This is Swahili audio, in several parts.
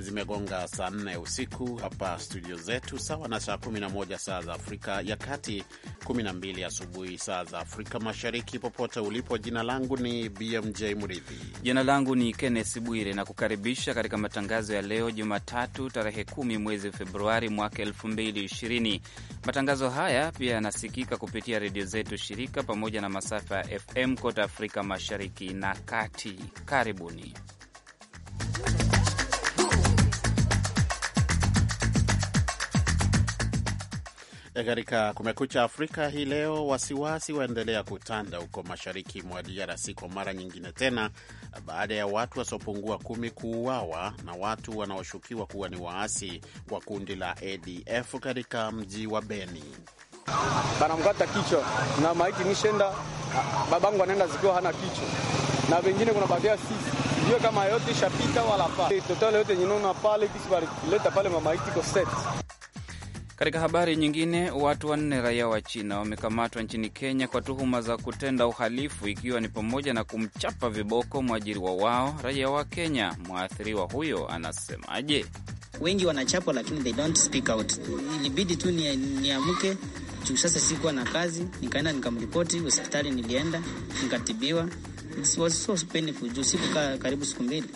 zimegonga saa 4 usiku hapa studio zetu, sawa na saa 11 saa za Afrika ya Kati, 12 asubuhi saa za Afrika Mashariki. Popote ulipo, jina langu ni BMJ Mridhi. Jina langu ni kennes Bwire na kukaribisha katika matangazo ya leo Jumatatu tarehe kumi mwezi Februari mwaka ishirini. Matangazo haya pia yanasikika kupitia redio zetu shirika pamoja na masafa ya FM kote Afrika Mashariki na Kati. Karibuni. Katika Kumekucha Afrika hii leo, wasiwasi waendelea kutanda huko mashariki mwa DRC kwa mara nyingine tena baada ya watu wasiopungua kumi kuuawa na watu wanaoshukiwa kuwa ni waasi wa kundi la ADF katika mji wa Beni. Banamkata kichwa na maiti nishenda, babangu anaenda zikiwa hana kichwa na vengine kuna bakia sisi sijue kama yote ishapita wala pa totale yote nyinona pale kisi balileta pale mamaiti ko katika habari nyingine, watu wanne raia wa China wamekamatwa nchini Kenya kwa tuhuma za kutenda uhalifu, ikiwa ni pamoja na kumchapa viboko mwajiriwa wao raia wa Kenya. Mwathiriwa huyo anasemaje? Wengi wanachapwa lakini they don't speak out. Ilibidi tu niamke juu sasa sikuwa na kazi, nikaenda nikamripoti hospitali, nilienda nikatibiwa. It was so painful juu sikukaa karibu siku mbili.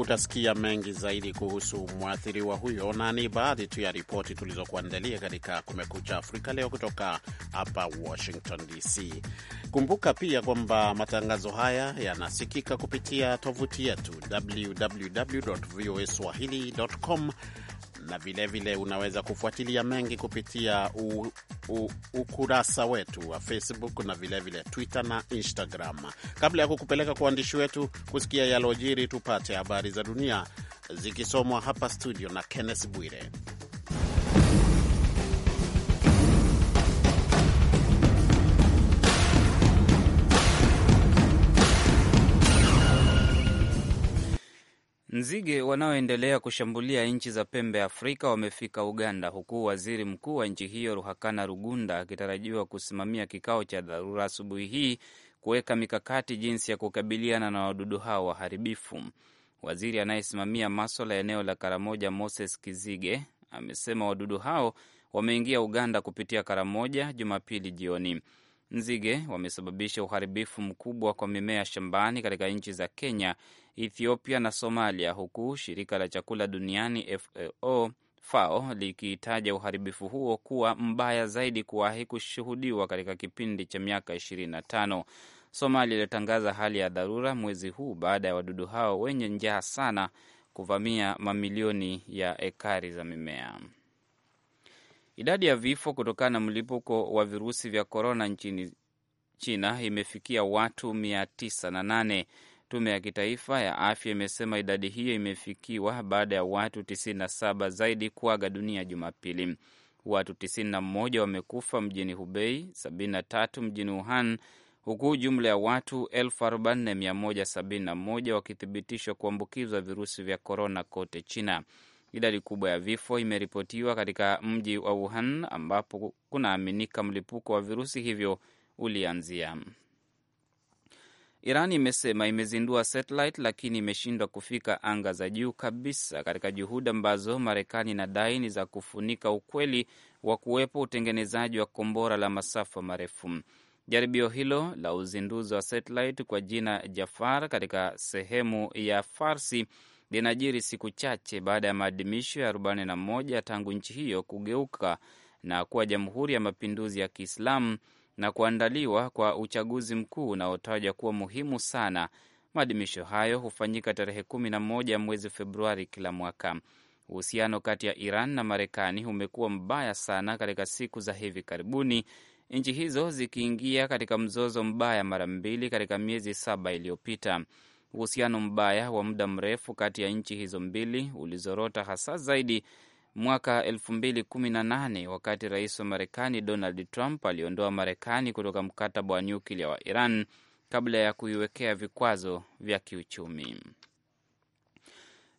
Utasikia mengi zaidi kuhusu mwathiriwa huyo, na ni baadhi tu ya ripoti tulizokuandalia katika Kumekucha Afrika leo kutoka hapa Washington DC. Kumbuka pia kwamba matangazo haya yanasikika kupitia tovuti yetu www voa swahili.com na vilevile vile unaweza kufuatilia mengi kupitia u, u, ukurasa wetu wa Facebook na vilevile vile Twitter na Instagram. Kabla ya kukupeleka kwa waandishi wetu kusikia yalojiri, tupate habari za dunia zikisomwa hapa studio na Kenneth Bwire. Nzige wanaoendelea kushambulia nchi za pembe Afrika wamefika Uganda, huku waziri mkuu wa nchi hiyo Ruhakana Rugunda akitarajiwa kusimamia kikao cha dharura asubuhi hii kuweka mikakati jinsi ya kukabiliana na wadudu hao waharibifu. Waziri anayesimamia maswala ya eneo la Karamoja, Moses Kizige, amesema wadudu hao wameingia Uganda kupitia Karamoja Jumapili jioni nzige wamesababisha uharibifu mkubwa kwa mimea shambani katika nchi za Kenya, Ethiopia na Somalia, huku shirika la chakula duniani FAO FAO likitaja uharibifu huo kuwa mbaya zaidi kuwahi kushuhudiwa katika kipindi cha miaka 25. Somalia ilitangaza hali ya dharura mwezi huu baada ya wadudu hao wenye njaa sana kuvamia mamilioni ya ekari za mimea. Idadi ya vifo kutokana na mlipuko wa virusi vya korona nchini China imefikia watu 908. Tume ya Kitaifa ya Afya imesema idadi hiyo imefikiwa baada ya watu 97 zaidi kuaga dunia Jumapili. Watu 91 wamekufa mjini Hubei, 73 mjini Wuhan, huku jumla ya watu 4171 wakithibitishwa kuambukizwa virusi vya korona kote China. Idadi kubwa ya vifo imeripotiwa katika mji wa Wuhan ambapo kunaaminika mlipuko wa virusi hivyo ulianzia. Iran imesema imezindua satellite lakini imeshindwa kufika anga za juu kabisa katika juhudi ambazo Marekani inadai ni za kufunika ukweli wa kuwepo utengenezaji wa kombora la masafa marefu. Jaribio hilo la uzinduzi wa satellite kwa jina Jafar katika sehemu ya Farsi linajiri siku chache baada ya maadhimisho ya 41 tangu nchi hiyo kugeuka na kuwa Jamhuri ya Mapinduzi ya Kiislamu na kuandaliwa kwa uchaguzi mkuu unaotajwa kuwa muhimu sana. Maadhimisho hayo hufanyika tarehe 11 mwezi Februari kila mwaka. Uhusiano kati ya Iran na Marekani umekuwa mbaya sana katika siku za hivi karibuni, nchi hizo zikiingia katika mzozo mbaya mara mbili katika miezi saba iliyopita. Uhusiano mbaya wa muda mrefu kati ya nchi hizo mbili ulizorota hasa zaidi mwaka 2018 wakati rais wa Marekani Donald Trump aliondoa Marekani kutoka mkataba wa nyuklia wa Iran kabla ya kuiwekea vikwazo vya kiuchumi.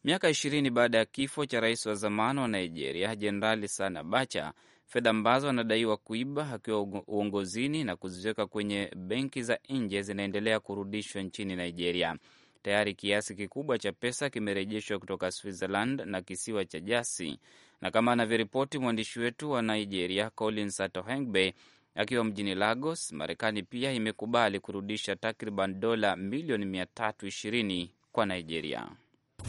Miaka ishirini baada ya kifo cha rais wa zamani wa Nigeria Jenerali Sani Abacha, fedha ambazo anadaiwa kuiba akiwa uongozini na kuziweka kwenye benki za nje zinaendelea kurudishwa nchini Nigeria. Tayari kiasi kikubwa cha pesa kimerejeshwa kutoka Switzerland na kisiwa cha Jersey, na kama anavyoripoti mwandishi wetu wa Nigeria Collins Atohengbe akiwa mjini Lagos, Marekani pia imekubali kurudisha takriban dola milioni 320 kwa Nigeria.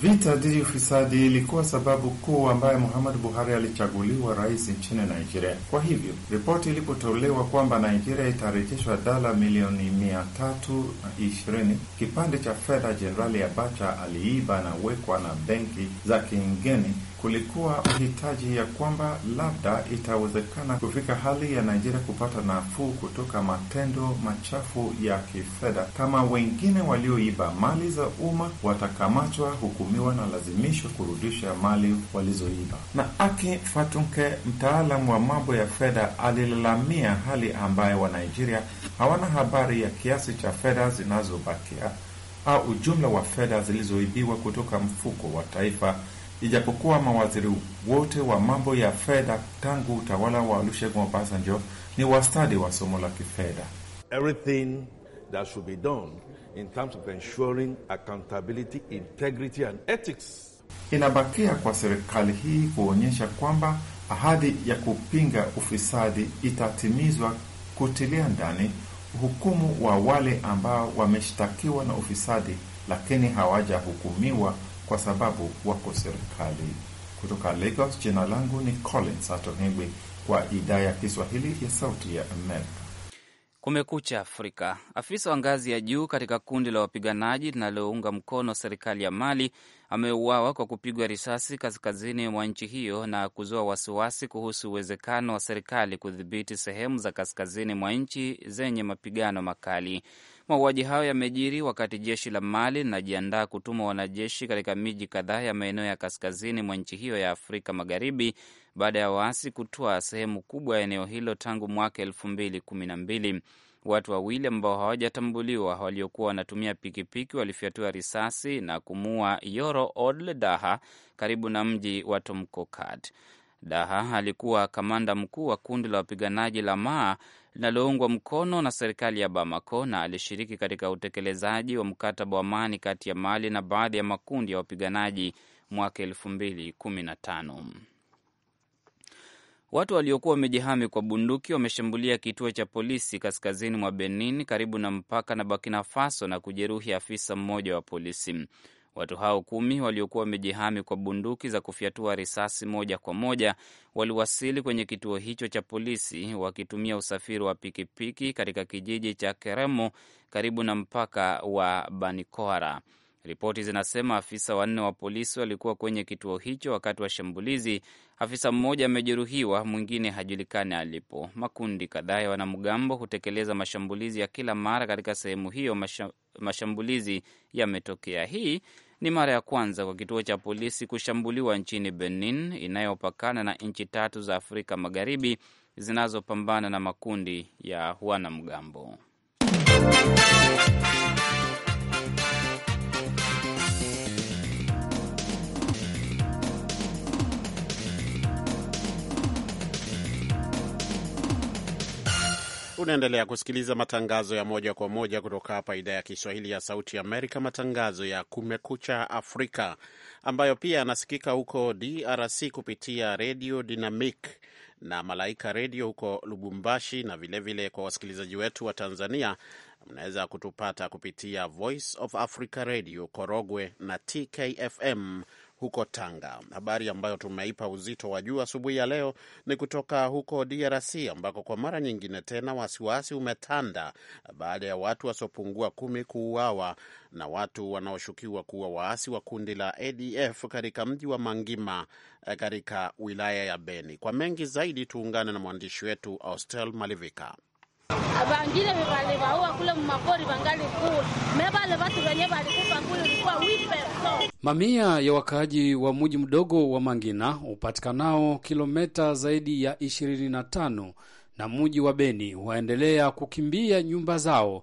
Vita dhidi ufisadi ilikuwa sababu kuu ambaye Muhammadu Buhari alichaguliwa rais nchini Nigeria. Kwa hivyo ripoti ilipotolewa kwamba Nigeria itarejeshwa dola milioni mia tatu na ishirini, kipande cha fedha Jenerali Abacha aliiba na wekwa na benki za kigeni kulikuwa uhitaji ya kwamba labda itawezekana kufika hali ya Nigeria kupata nafuu kutoka matendo machafu ya kifedha, kama wengine walioiba mali za umma watakamatwa, hukumiwa na lazimishwa kurudisha mali walizoiba. Na Ake Fatunke, mtaalamu wa mambo ya fedha, alilalamia hali ambayo wa Nigeria hawana habari ya kiasi cha fedha zinazobakia au ujumla wa fedha zilizoibiwa kutoka mfuko wa taifa Ijapokuwa mawaziri wote wa mambo ya fedha tangu utawala wa Olusegun Obasanjo ni wastadi wa somo la kifedha. Everything that should be done in terms of ensuring accountability, integrity and ethics. Inabakia kwa serikali hii kuonyesha kwamba ahadi ya kupinga ufisadi itatimizwa, kutilia ndani uhukumu wa wale ambao wameshtakiwa na ufisadi lakini hawajahukumiwa kwa sababu wako serikali. Kutoka Lagos, jina langu ni Collins Atohengwi kwa idhaa ya Kiswahili ya Sauti ya Amerika. Kumekucha Afrika. Afisa wa ngazi ya juu katika kundi la wapiganaji linalounga mkono serikali ya Mali ameuawa kwa kupigwa risasi kaskazini mwa nchi hiyo na kuzoa wasiwasi kuhusu uwezekano wa serikali kudhibiti sehemu za kaskazini mwa nchi zenye mapigano makali. Mauaji hayo yamejiri wakati jeshi la Mali linajiandaa kutuma wanajeshi katika miji kadhaa ya maeneo ya kaskazini mwa nchi hiyo ya Afrika Magharibi baada ya waasi kutoa sehemu kubwa ya eneo hilo tangu mwaka elfu mbili kumi na mbili. Watu wawili ambao hawajatambuliwa waliokuwa wanatumia pikipiki walifyatua risasi na kumua Yoro Odle Daha karibu na mji wa Tomkokad. Daha alikuwa kamanda mkuu wa kundi la wapiganaji la Maa linaloungwa mkono na serikali ya Bamako na alishiriki katika utekelezaji wa mkataba wa amani kati ya Mali na baadhi ya makundi ya wapiganaji mwaka elfu mbili kumi na tano. Watu waliokuwa wamejihami kwa bunduki wameshambulia kituo cha polisi kaskazini mwa Benin karibu na mpaka na Burkina Faso na kujeruhi afisa mmoja wa polisi. Watu hao kumi waliokuwa wamejihami kwa bunduki za kufyatua risasi moja kwa moja waliwasili kwenye kituo hicho cha polisi wakitumia usafiri wa pikipiki katika kijiji cha Keremo karibu na mpaka wa Banikoara. Ripoti zinasema afisa wanne wa polisi walikuwa kwenye kituo hicho wakati wa shambulizi. Afisa mmoja amejeruhiwa, mwingine hajulikani alipo. Makundi kadhaa ya wanamgambo hutekeleza mashambulizi ya kila mara katika sehemu hiyo. mashambulizi yametokea. Hii ni mara ya kwanza kwa kituo cha polisi kushambuliwa nchini Benin inayopakana na nchi tatu za Afrika Magharibi zinazopambana na makundi ya wanamgambo. Unaendelea kusikiliza matangazo ya moja kwa moja kutoka hapa idhaa ya Kiswahili ya Sauti Amerika, matangazo ya Kumekucha Afrika ambayo pia yanasikika huko DRC kupitia Redio Dynamic na Malaika Redio huko Lubumbashi, na vilevile vile kwa wasikilizaji wetu wa Tanzania, mnaweza kutupata kupitia Voice of Africa Radio Korogwe na TKFM huko Tanga. Habari ambayo tumeipa uzito wa juu asubuhi ya leo ni kutoka huko DRC ambako kwa mara nyingine tena wasiwasi umetanda baada ya watu wasiopungua kumi kuuawa na watu wanaoshukiwa kuwa waasi wa kundi la ADF katika mji wa Mangima eh, katika wilaya ya Beni. Kwa mengi zaidi tuungane na mwandishi wetu Austel Malivika. Vangine vivali vaua kule mumapori vangali kule mevale vatu venye valikufa kule likuwa Mamia ya wakaaji wa muji mdogo wa Mangina upatikanao kilometa zaidi ya ishirini na 25 na mji wa Beni waendelea kukimbia nyumba zao.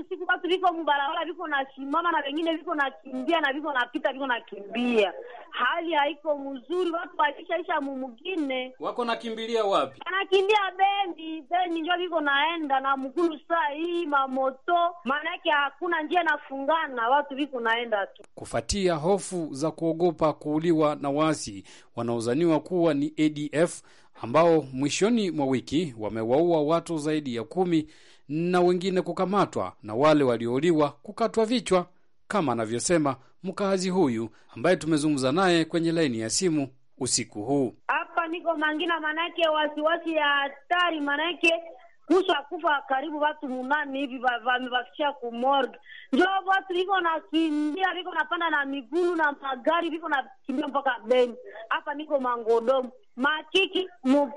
Usiku watu viko mbarabara, viko na simama na vengine viko nakimbia na viko napita, viko nakimbia. Hali haiko mzuri, watu waishaisha mumugine, wako nakimbilia wapi? Anakimbia Beni. Beni njo viko naenda na mkulu saa hii mamoto, maana yake hakuna njia nafungana, watu viko naenda tu, kufatia hofu za kuogopa kuuliwa na wasi wanaozaniwa kuwa ni ADF ambao mwishoni mwa wiki wamewaua watu zaidi ya kumi na wengine kukamatwa na wale waliouliwa kukatwa vichwa, kama anavyosema mkaazi huyu ambaye tumezungumza naye kwenye laini ya simu usiku huu. Hapa niko Mangina, manake wasiwasi ya hatari, manake kusha kufa karibu watu munani hivi vamevafikisha kumorg njo watu viko nakimbia, viko napanda na migulu na magari, viko nakimbia mpaka Beni. Hapa niko mangodomu Makiki mu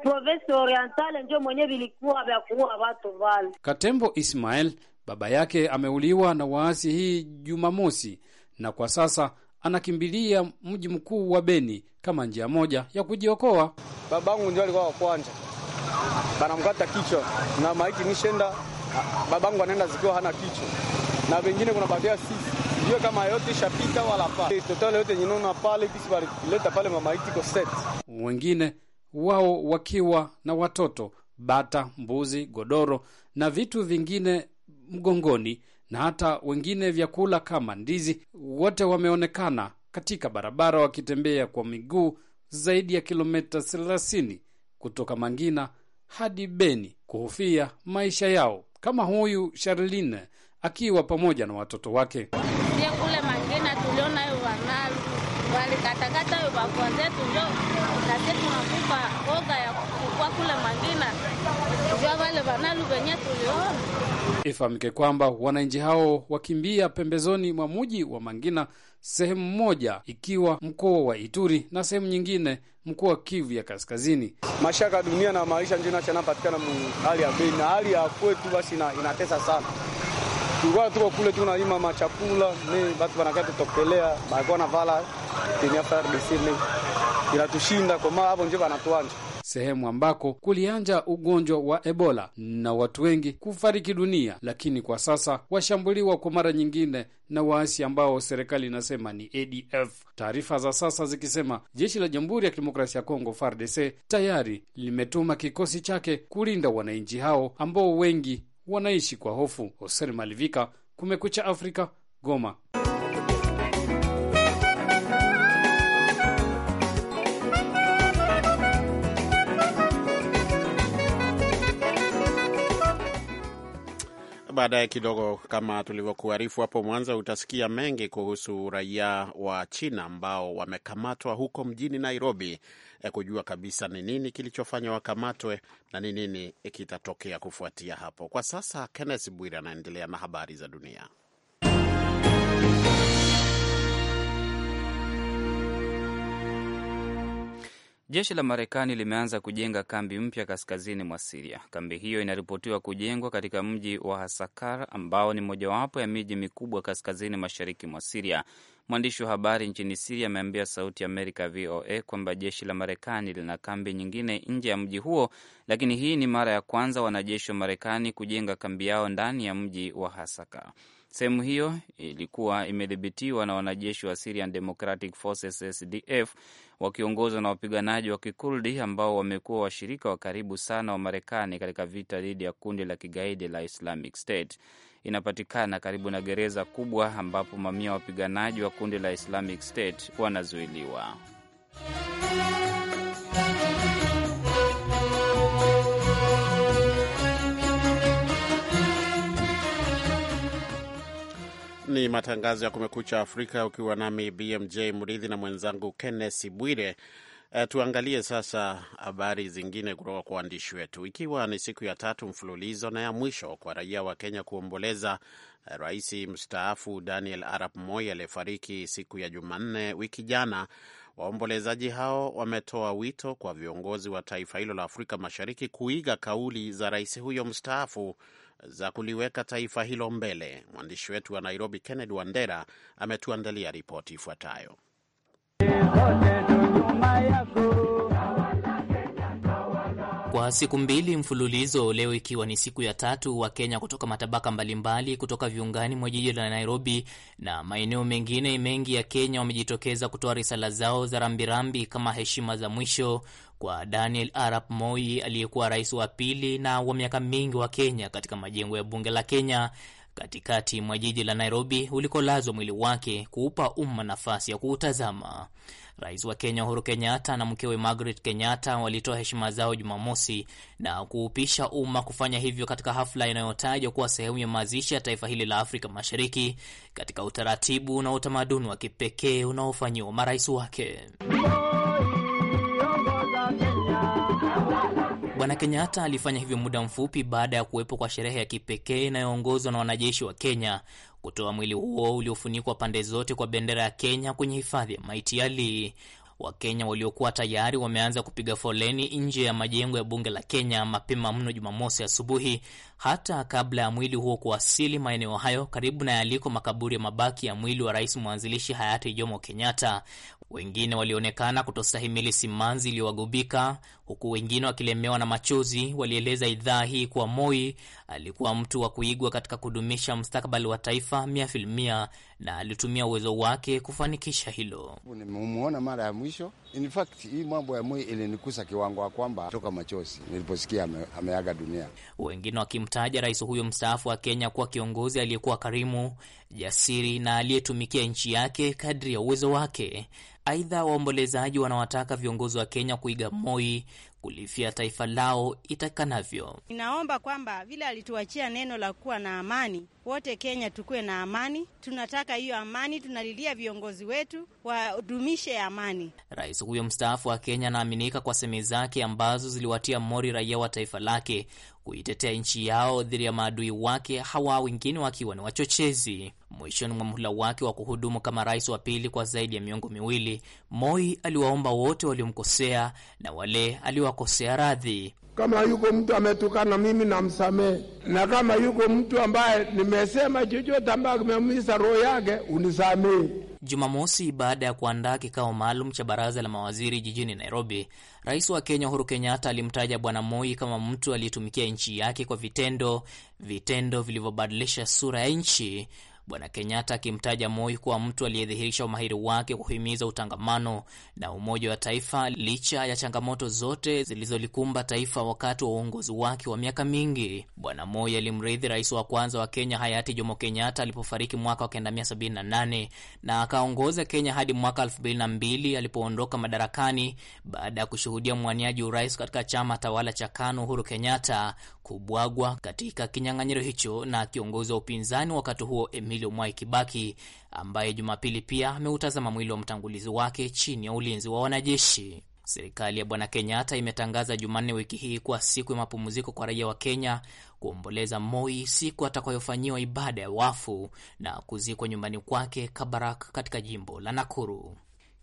orientale ndio mwenye vilikuwa vya kuua watu vale. Katembo Ismael baba yake ameuliwa na waasi hii Jumamosi, na kwa sasa anakimbilia mji mkuu wa Beni kama njia moja ya kujiokoa. Babangu ndio alikuwa wa kwanza, banamkata kichwa na maiti nishenda, babangu anaenda zikiwa hana kichwa na wengine kuna badia sisi kama yote ishapita wala pa totale yote pale kisi pale mamaiti ko set, wengine wao wakiwa na watoto, bata, mbuzi, godoro na vitu vingine mgongoni, na hata wengine vyakula kama ndizi. Wote wameonekana katika barabara wakitembea kwa miguu zaidi ya kilomita 30 kutoka Mangina hadi Beni kuhofia maisha yao, kama huyu Sharline akiwa pamoja na watoto wake tuingie kule mangina tulionayo wanalu walikatakata yo bakonze tujo nasi tunakupa oga ya kukua kule mangina tujo wale wanalu venye tuliona. Ifahamike kwamba wananchi hao wakimbia pembezoni mwa muji wa Mangina, sehemu moja ikiwa mkoa wa Ituri na sehemu nyingine mkoa wa Kivu ya Kaskazini. Mashaka dunia na maisha njinacho yanapatikana mu hali ya bei na hali ya kwetu basi inatesa sana Tulikuwa tuko kule tu machakula ni wanakaa tutokelea ya FARDC ni inatushinda kwa maana hapo nje wanatuanja sehemu ambako kulianja ugonjwa wa Ebola na watu wengi kufariki dunia, lakini kwa sasa washambuliwa kwa mara nyingine na waasi ambao serikali inasema ni ADF. Taarifa za sasa zikisema jeshi la Jamhuri ya Kidemokrasia ya Kongo FARDC tayari limetuma kikosi chake kulinda wananchi hao ambao wengi wanaishi kwa hofu. Hoser Malivika, Kumekucha Afrika, Goma. Baadaye kidogo, kama tulivyokuarifu hapo Mwanza, utasikia mengi kuhusu raia wa China ambao wamekamatwa huko mjini Nairobi Eh, kujua kabisa ni nini kilichofanya wakamatwe na ni nini kitatokea kufuatia hapo. Kwa sasa, Kenneth Bwire anaendelea na habari za dunia. Jeshi la Marekani limeanza kujenga kambi mpya kaskazini mwa Siria. Kambi hiyo inaripotiwa kujengwa katika mji wa Hasakar ambao ni mojawapo ya miji mikubwa kaskazini mashariki mwa Siria. Mwandishi wa habari nchini Siria ameambia Sauti ya Amerika VOA kwamba jeshi la Marekani lina kambi nyingine nje ya mji huo, lakini hii ni mara ya kwanza wanajeshi wa Marekani kujenga kambi yao ndani ya mji wa hasakar Sehemu hiyo ilikuwa imedhibitiwa na wanajeshi wa Syrian Democratic Forces SDF wakiongozwa na wapiganaji wa Kikurdi ambao wamekuwa washirika wa karibu sana wa Marekani katika vita dhidi ya kundi la kigaidi la Islamic State. Inapatikana karibu na gereza kubwa ambapo mamia wapiganaji wa kundi la Islamic State wanazuiliwa. matangazo ya Kumekucha Afrika ukiwa nami BMJ Mridhi na mwenzangu Kenneth Bwire. E, tuangalie sasa habari zingine kutoka kwa waandishi wetu. Ikiwa ni siku ya tatu mfululizo na ya mwisho kwa raia wa Kenya kuomboleza e, rais mstaafu Daniel Arap Moi aliyefariki siku ya Jumanne wiki jana, waombolezaji hao wametoa wito kwa viongozi wa taifa hilo la Afrika Mashariki kuiga kauli za rais huyo mstaafu za kuliweka taifa hilo mbele. Mwandishi wetu wa Nairobi, Kennedy Wandera, ametuandalia ripoti ifuatayo. Kwa siku mbili mfululizo, leo ikiwa ni siku ya tatu, wa kenya kutoka matabaka mbalimbali kutoka viungani mwa jiji la Nairobi na maeneo mengine mengi ya Kenya wamejitokeza kutoa risala zao za rambirambi kama heshima za mwisho kwa Daniel Arap Moi aliyekuwa rais wa pili na wa miaka mingi wa Kenya katika majengo ya bunge la Kenya katikati mwa jiji la Nairobi ulikolazwa mwili wake kuupa umma nafasi ya kuutazama. Rais wa Kenya Uhuru Kenyatta na mkewe Margaret Kenyatta walitoa heshima zao Jumamosi na kuupisha umma kufanya hivyo katika hafla inayotajwa kuwa sehemu ya mazishi ya taifa hili la Afrika Mashariki katika utaratibu na utamaduni wa kipekee unaofanyiwa marais wake. Bwana Kenyatta alifanya hivyo muda mfupi baada ya kuwepo kwa sherehe ya kipekee inayoongozwa na wanajeshi wa Kenya kutoa mwili huo uliofunikwa pande zote kwa bendera ya Kenya kwenye hifadhi ya maiti ya Lee. Wakenya waliokuwa tayari wameanza kupiga foleni nje ya majengo ya bunge la Kenya mapema mno Jumamosi asubuhi, hata kabla ya mwili huo kuwasili maeneo hayo, karibu na yaliko makaburi ya mabaki ya mwili wa rais mwanzilishi hayati Jomo Kenyatta. Wengine walionekana kutostahimili simanzi iliyowagubika, huku wengine wakilemewa na machozi. Walieleza idhaa hii kuwa Moi alikuwa mtu wa kuigwa katika kudumisha mustakabali wa taifa mia filmia, na alitumia uwezo wake kufanikisha hilo. Nimemuona mara ya mwisho. In fact, hii mambo ya Moi ilinikusa kiwango ya kwamba toka machozi niliposikia ame, ameaga dunia, wengine wakimtaja rais huyo mstaafu wa Kenya kuwa kiongozi aliyekuwa karimu jasiri na aliyetumikia nchi yake kadri ya uwezo wake. Aidha, waombolezaji wanawataka viongozi wa Kenya kuiga Moi kulifia taifa lao itakanavyo. Ninaomba kwamba vile alituachia neno la kuwa na amani, wote Kenya tukuwe na amani. Tunataka hiyo amani, tunalilia viongozi wetu wadumishe amani. Rais huyo mstaafu wa Kenya anaaminika kwa semi zake ambazo ziliwatia mori raia wa taifa lake kuitetea nchi yao dhidi ya maadui wake, hawa wengine wakiwa ni wachochezi. Mwishoni mwa muhula wake wa kuhudumu kama rais wa pili kwa zaidi ya miongo miwili, Moi aliwaomba wote waliomkosea na wale aliowakosea radhi. Kama yuko mtu ametukana mimi namsamehe, na kama yuko mtu ambaye nimesema chochote ambaye kimeumiza roho yake unisamehe. Jumamosi, baada ya kuandaa kikao maalum cha baraza la mawaziri jijini Nairobi, rais wa Kenya Uhuru Kenyatta alimtaja Bwana Moi kama mtu aliyetumikia nchi yake kwa vitendo, vitendo vilivyobadilisha sura ya nchi Bwana Kenyatta akimtaja Moi kuwa mtu aliyedhihirisha umahiri wake kuhimiza utangamano na umoja wa taifa licha ya changamoto zote zilizolikumba taifa wakati wa uongozi wake wa miaka mingi. Bwana Moi alimrithi rais wa kwanza wa Kenya hayati Jomo Kenyatta alipofariki mwaka wa 1978 na akaongoza Kenya hadi mwaka 2002 alipoondoka madarakani baada ya kushuhudia mwaniaji urais katika chama tawala cha KANU Uhuru Kenyatta kubwagwa katika kinyang'anyiro hicho na kiongozi wa upinzani wakati huo Emilio Mwai Kibaki, ambaye Jumapili pia ameutazama mwili wa mtangulizi wake chini ya ulinzi wa wanajeshi. Serikali ya Bwana Kenyatta imetangaza Jumanne wiki hii kuwa siku ya mapumziko kwa raia wa Kenya kuomboleza Moi, siku atakayofanyiwa ibada ya wafu na kuzikwa nyumbani kwake Kabarak katika jimbo la Nakuru.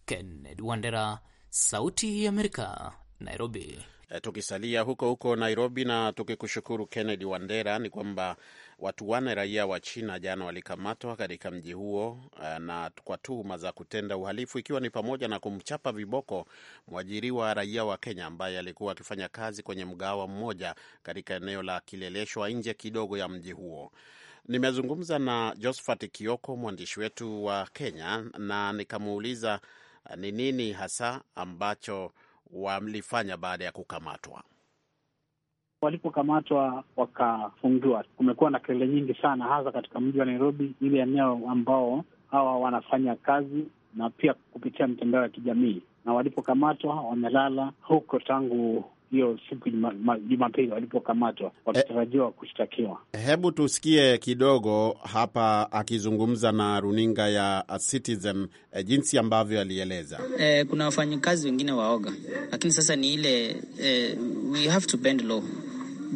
Kenneth Wandera, Sauti ya Amerika, Nairobi. Eh, tukisalia huko huko Nairobi na tukikushukuru Kennedy Wandera, ni kwamba watu wane raia wa China jana walikamatwa katika mji huo eh, na kwa tuhuma za kutenda uhalifu, ikiwa ni pamoja na kumchapa viboko mwajiriwa raia wa Kenya ambaye alikuwa akifanya kazi kwenye mgawa mmoja katika eneo la Kileleshwa nje kidogo ya mji huo. Nimezungumza na Josphat Kioko, mwandishi wetu wa Kenya, na nikamuuliza eh, ni nini hasa ambacho walifanya baada ya kukamatwa? Walipokamatwa wakafungiwa, kumekuwa na kelele nyingi sana, hasa katika mji wa Nairobi, ile eneo ambao hawa wanafanya kazi na pia kupitia mitandao ya kijamii. Na walipokamatwa wamelala huko tangu hiyo siku Jumapili walipokamatwa eh. wakitarajiwa kushtakiwa. Hebu tusikie kidogo hapa akizungumza na runinga ya Citizen eh, jinsi ambavyo alieleza. Eh, kuna wafanyakazi wengine waoga, lakini sasa ni ile eh, we have to bend law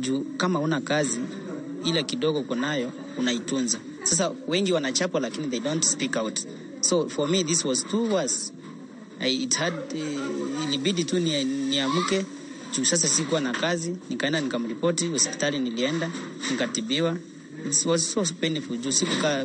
juu kama una kazi ile kidogo uko nayo unaitunza. Sasa wengi wanachapwa, lakini they don't speak out, so for me this was too worse. I, it had, eh, ilibidi tu niamke ni juu sasa sikuwa na kazi, nikaenda nikamripoti hospitali, nilienda nikatibiwa. so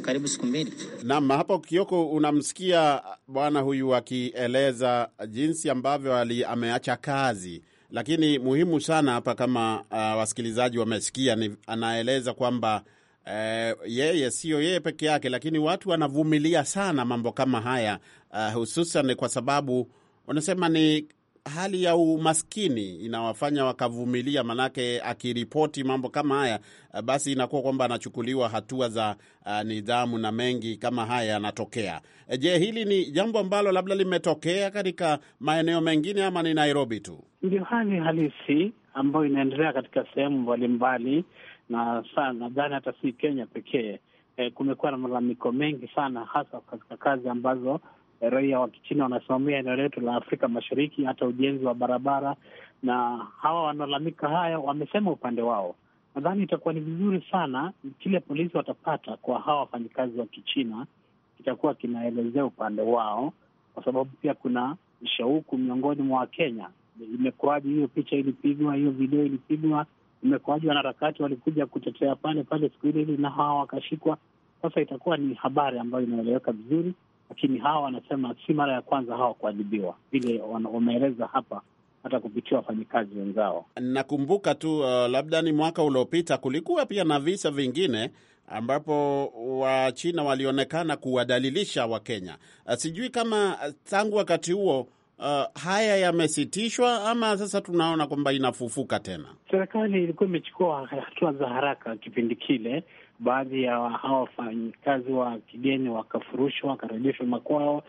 karibu siku mbili. Naam, hapo Kioko, unamsikia bwana huyu akieleza jinsi ambavyo ali ameacha kazi, lakini muhimu sana hapa kama uh, wasikilizaji wamesikia, ni anaeleza kwamba yeye uh, yeye siyo yeye peke yake, lakini watu wanavumilia sana mambo kama haya uh, hususan kwa sababu unasema ni hali ya umaskini inawafanya wakavumilia, manake akiripoti mambo kama haya eh, basi inakuwa kwamba anachukuliwa hatua za uh, nidhamu na mengi kama haya yanatokea. Eh, je, hili ni jambo ambalo labda limetokea katika maeneo mengine ama ni Nairobi tu ndio hali halisi ambayo inaendelea katika sehemu mbalimbali, na sana nadhani hata si Kenya pekee. E, kumekuwa na malalamiko mengi sana hasa katika kazi ambazo raia wa Kichina wanasimamia eneo letu la Afrika Mashariki, hata ujenzi wa barabara. Na hawa wanalalamika haya, wamesema upande wao. Nadhani itakuwa ni vizuri sana kile polisi watapata kwa hawa wafanyikazi wa Kichina kitakuwa kinaelezea upande wao, kwa sababu pia kuna shauku miongoni mwa Wakenya. imekuaji hiyo picha ilipigwa, hiyo video ilipigwa, imekuaji wanaharakati walikuja kutetea pale pale siku ile ile na hawa wakashikwa? Sasa itakuwa ni habari ambayo inaeleweka vizuri, lakini hawa wanasema si mara ya kwanza hawa kuadhibiwa vile wameeleza hapa hata kupitia wafanyikazi wenzao. Nakumbuka tu uh, labda ni mwaka uliopita kulikuwa pia na visa vingine ambapo Wachina walionekana kuwadalilisha Wakenya. Uh, sijui kama uh, tangu wakati huo uh, haya yamesitishwa ama sasa tunaona kwamba inafufuka tena. Serikali ilikuwa imechukua hatua za haraka kipindi kile baadhi ya hawa wafanyikazi wa kigeni wakafurushwa wakarejeshwa makwao.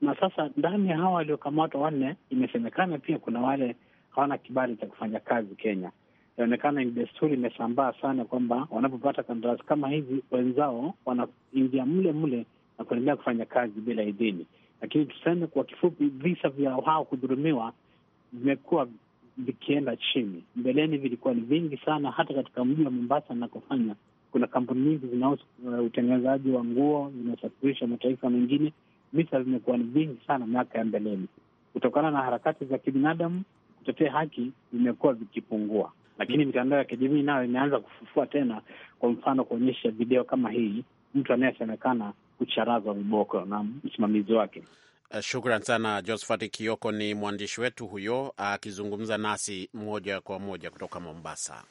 Na sasa ndani ya hawa waliokamatwa wanne, imesemekana pia kuna wale hawana kibali cha kufanya kazi Kenya. Inaonekana ni desturi imesambaa sana kwamba wanapopata kandarasi kama hizi wenzao wanaingia mle mle na kuendelea kufanya kazi bila idhini. Lakini tuseme kwa kifupi, visa vya hao kudhulumiwa vimekuwa vikienda chini. Mbeleni vilikuwa ni vingi sana, hata katika mji wa Mombasa nakofanya kuna kampuni nyingi uh, utengenezaji wa nguo zinasafirisha mataifa mengine. Visa zimekuwa ni vingi sana miaka ya mbeleni, kutokana na harakati za kibinadamu kutetea haki vimekuwa vikipungua, lakini mitandao ya kijamii nayo imeanza kufufua tena, kwa mfano kuonyesha video kama hii, mtu anayesemekana kucharazwa viboko na msimamizi wake. Uh, shukran sana Josphat Kioko, ni mwandishi wetu huyo akizungumza nasi moja kwa moja kutoka Mombasa.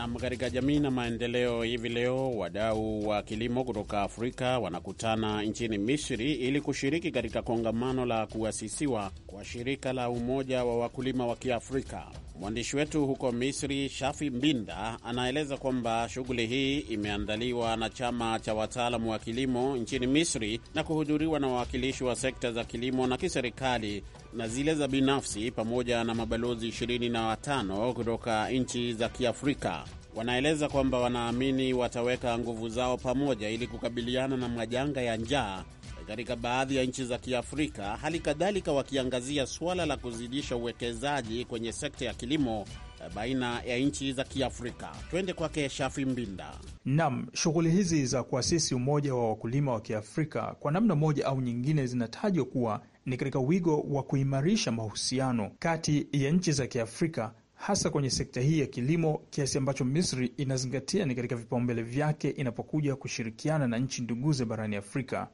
Nam, katika jamii na maendeleo, hivi leo wadau wa kilimo kutoka Afrika wanakutana nchini Misri ili kushiriki katika kongamano la kuasisiwa kwa shirika la umoja wa wakulima wa Kiafrika. Mwandishi wetu huko Misri, Shafi Mbinda, anaeleza kwamba shughuli hii imeandaliwa na chama cha wataalamu wa kilimo nchini Misri na kuhudhuriwa na wawakilishi wa sekta za kilimo na kiserikali na zile za binafsi pamoja na mabalozi 25 kutoka nchi za Kiafrika. Wanaeleza kwamba wanaamini wataweka nguvu zao pamoja ili kukabiliana na majanga ya njaa katika baadhi ya nchi za Kiafrika, hali kadhalika wakiangazia suala la kuzidisha uwekezaji kwenye sekta ya kilimo eh, baina ya nchi za Kiafrika. Twende kwake Shafi Mbinda. Naam, shughuli hizi za kuasisi umoja wa wakulima wa Kiafrika kwa namna moja au nyingine zinatajwa kuwa ni katika wigo wa kuimarisha mahusiano kati ya nchi za Kiafrika hasa kwenye sekta hii ya kilimo, kiasi ambacho Misri inazingatia ni katika vipaumbele vyake inapokuja kushirikiana na nchi nduguze barani Afrika,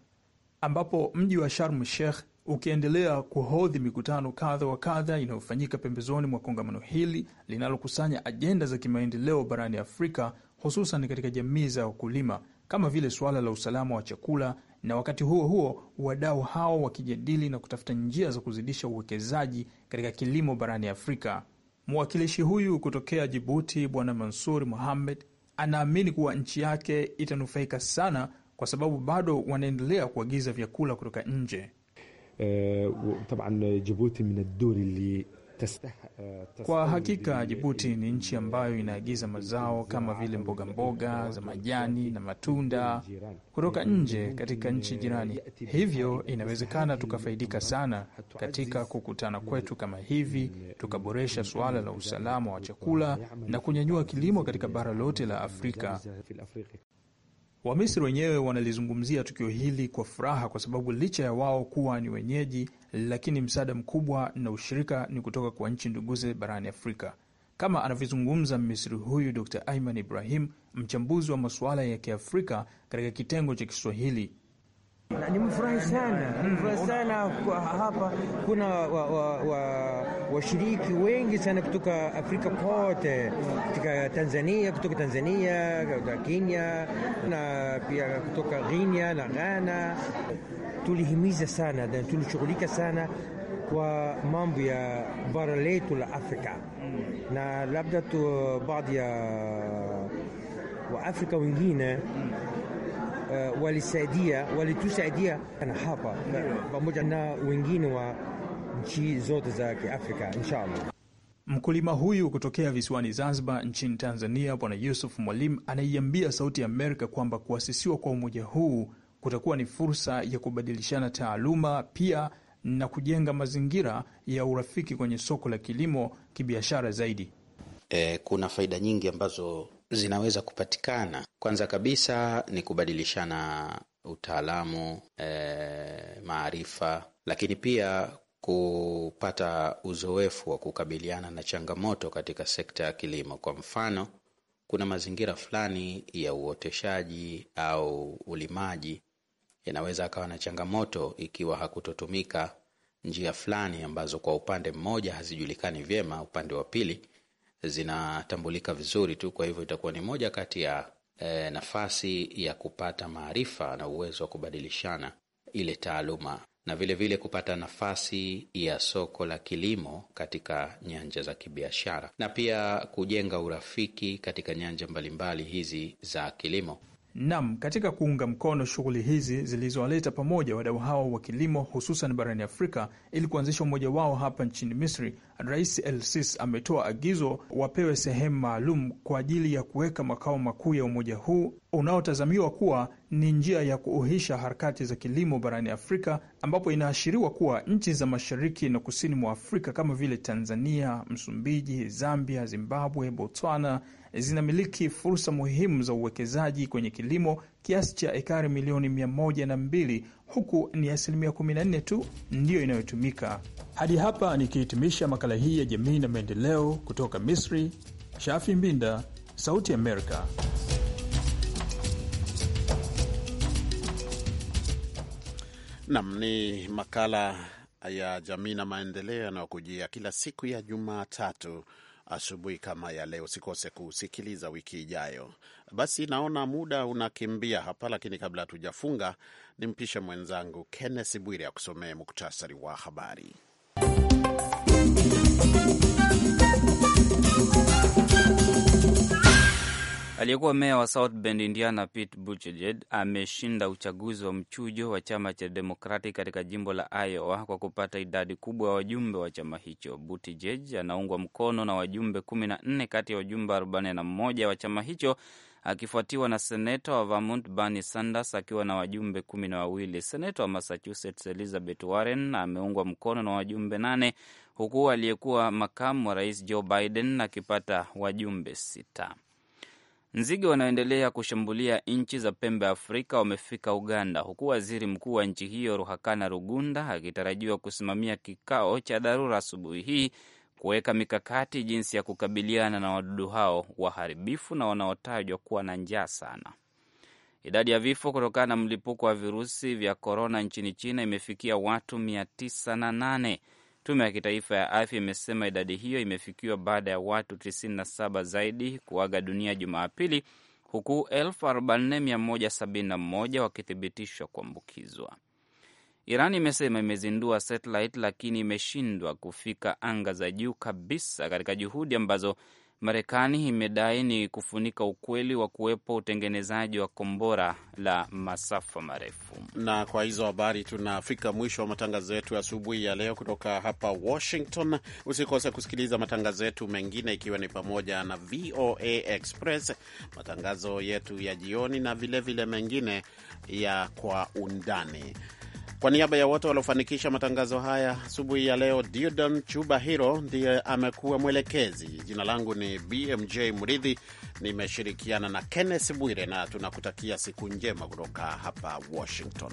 ambapo mji wa Sharm Sheikh ukiendelea kuhodhi mikutano kadha wa kadha inayofanyika pembezoni mwa kongamano hili linalokusanya ajenda za kimaendeleo barani Afrika, hususan katika jamii za wakulima kama vile suala la usalama wa chakula na wakati huo huo wadau hao wakijadili na kutafuta njia za kuzidisha uwekezaji katika kilimo barani Afrika. Mwakilishi huyu kutokea Jibuti, Bwana Mansur muhammed anaamini kuwa nchi yake itanufaika sana, kwa sababu bado wanaendelea kuagiza vyakula kutoka nje. Uh, taban jibuti min alduri li kwa hakika Jibuti ni nchi ambayo inaagiza mazao kama vile mbogamboga mboga za majani na matunda kutoka nje katika nchi jirani, hivyo inawezekana tukafaidika sana katika kukutana kwetu kama hivi, tukaboresha suala la usalama wa chakula na kunyanyua kilimo katika bara lote la Afrika. Wamisri wenyewe wanalizungumzia tukio hili kwa furaha kwa sababu licha ya wao kuwa ni wenyeji, lakini msaada mkubwa na ushirika ni kutoka kwa nchi nduguze barani Afrika, kama anavyozungumza Misri huyu Dr Aiman Ibrahim, mchambuzi wa masuala ya Kiafrika katika kitengo cha Kiswahili Nimefurahi sana, mm. nimefurahi sana kwa hapa. Kuna washiriki wa, wa, wa wengi sana kutoka Afrika kote, kutoka Tanzania, kutoka Tanzania, kutoka Kenya na pia kutoka Kenya na Ghana. Tulihimiza sana na tulishughulika sana kwa mambo ya bara letu la Afrika mm. na labda tu baadhi ya Waafrika wengine mm uh, walisaidia walitusaidia na hapa eh, pamoja na wengine wa nchi zote za Kiafrika inshallah. Mkulima huyu kutokea visiwani Zanzibar nchini Tanzania, Bwana Yusuf Mwalimu anaiambia Sauti ya Amerika kwamba kuasisiwa kwa umoja huu kutakuwa ni fursa ya kubadilishana taaluma pia na kujenga mazingira ya urafiki kwenye soko la kilimo kibiashara zaidi. E, kuna faida nyingi ambazo zinaweza kupatikana, kwanza kabisa ni kubadilishana utaalamu, e, maarifa, lakini pia kupata uzoefu wa kukabiliana na changamoto katika sekta ya kilimo. Kwa mfano, kuna mazingira fulani ya uoteshaji au ulimaji yanaweza akawa na changamoto ikiwa hakutotumika njia fulani ambazo kwa upande mmoja hazijulikani vyema, upande wa pili zinatambulika vizuri tu. Kwa hivyo itakuwa ni moja kati ya e, nafasi ya kupata maarifa na uwezo wa kubadilishana ile taaluma na vilevile vile kupata nafasi ya soko la kilimo katika nyanja za kibiashara na pia kujenga urafiki katika nyanja mbalimbali hizi za kilimo. Nam, katika kuunga mkono shughuli hizi zilizowaleta pamoja wadau hao wa kilimo hususan barani Afrika ili kuanzisha umoja wao hapa nchini Misri, Rais El-Sisi ametoa agizo wapewe sehemu maalum kwa ajili ya kuweka makao makuu ya umoja huu unaotazamiwa kuwa ni njia ya kuuhisha harakati za kilimo barani Afrika, ambapo inaashiriwa kuwa nchi za mashariki na kusini mwa Afrika kama vile Tanzania, Msumbiji, Zambia, Zimbabwe, Botswana zinamiliki fursa muhimu za uwekezaji kwenye kilimo kiasi cha ekari milioni mia moja na mbili huku ni asilimia 14 tu ndiyo inayotumika. Hadi hapa nikihitimisha makala hii ya jamii na maendeleo kutoka Misri, Shafi Mbinda, Sauti Amerika. Nam ni makala ya jamii na maendeleo yanayokujia kila siku ya Jumatatu asubuhi kama ya leo. Usikose kusikiliza wiki ijayo. Basi naona muda unakimbia hapa, lakini kabla hatujafunga, nimpishe mwenzangu Kenneth Bwire akusomee muktasari wa habari. Aliyekuwa meya wa South Bend, Indiana, Pete Buttigieg ameshinda uchaguzi wa mchujo wa chama cha demokrati katika jimbo la Iowa kwa kupata idadi kubwa ya wajumbe wa chama hicho. Buttigieg anaungwa mkono na wajumbe 14 kati ya wajumbe 41 wa chama hicho akifuatiwa na seneta wa Vermont Bernie Sanders akiwa na wajumbe kumi na wawili. Seneta wa Massachusetts Elizabeth Warren ameungwa mkono na wajumbe nane huku aliyekuwa makamu wa rais Joe Biden akipata wajumbe sita. Nzige wanaoendelea kushambulia nchi za pembe Afrika wamefika Uganda, huku waziri mkuu wa nchi hiyo Ruhakana Rugunda akitarajiwa kusimamia kikao cha dharura asubuhi hii kuweka mikakati jinsi ya kukabiliana na wadudu hao waharibifu na wanaotajwa kuwa na njaa sana. Idadi ya vifo kutokana na mlipuko wa virusi vya korona nchini China imefikia watu 908. Tume ya Kitaifa ya Afya imesema idadi hiyo imefikiwa baada ya watu 97 zaidi kuaga dunia Jumapili, huku 44171 wakithibitishwa kuambukizwa. Iran imesema imezindua satellite lakini imeshindwa kufika anga za juu kabisa katika juhudi ambazo Marekani imedai ni kufunika ukweli wa kuwepo utengenezaji wa kombora la masafa marefu. Na kwa hizo habari tunafika mwisho wa matangazo yetu asubuhi ya, ya leo kutoka hapa Washington. Usikose kusikiliza matangazo yetu mengine ikiwa ni pamoja na VOA Express, matangazo yetu ya jioni na vilevile vile mengine ya kwa undani. Kwa niaba ya wote waliofanikisha matangazo haya asubuhi ya leo, Diodon Chuba Hiro ndiye amekuwa mwelekezi. Jina langu ni BMJ Mridhi, nimeshirikiana na Kenneth Bwire, na tunakutakia siku njema kutoka hapa Washington.